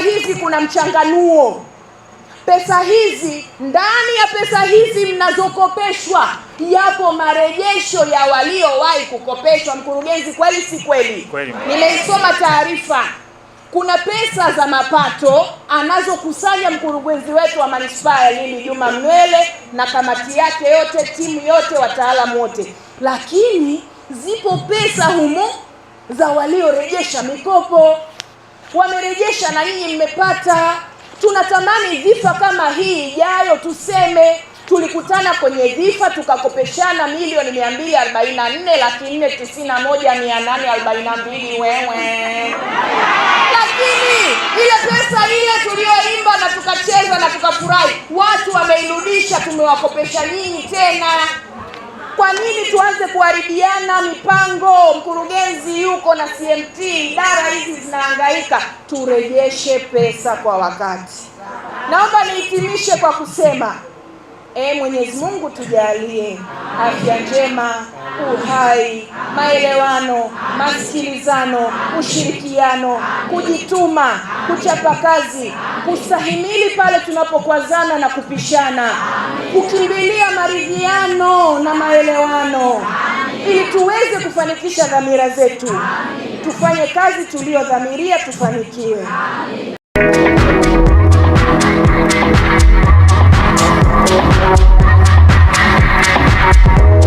hizi kuna mchanganuo. Pesa hizi, ndani ya pesa hizi mnazokopeshwa, yapo marejesho ya waliowahi kukopeshwa. Mkurugenzi, kweli si kweli? Nimeisoma taarifa kuna pesa za mapato anazokusanya mkurugenzi wetu wa manispaa ya Lindi Juma mnwele na kamati yake yote, timu yote, wataalamu wote, lakini zipo pesa humo za waliorejesha mikopo wamerejesha na nyinyi mmepata. Tunatamani dhifa kama hii ijayo tuseme tulikutana kwenye dhifa tukakopeshana milioni mia mbili arobaini na nne laki nne tisini na moja mia nane arobaini na mbili wewe lakini ile pesa ile tuliyoimba na tukacheza na tukafurahi, watu wameirudisha, tumewakopesha nyinyi tena. Kwa nini tuanze kuharibiana mipango? Mkurugenzi yuko na CMT, idara hizi tunahangaika, turejeshe pesa kwa wakati. Naomba nihitimishe kwa kusema E Mwenyezi Mungu tujalie afya njema, uhai, maelewano, masikilizano, ushirikiano, kujituma, kuchapa kazi, kustahimili pale tunapokwazana na kupishana, kukimbilia maridhiano na maelewano ili tuweze kufanikisha dhamira zetu. Tufanye kazi tuliyodhamiria tufanikiwe.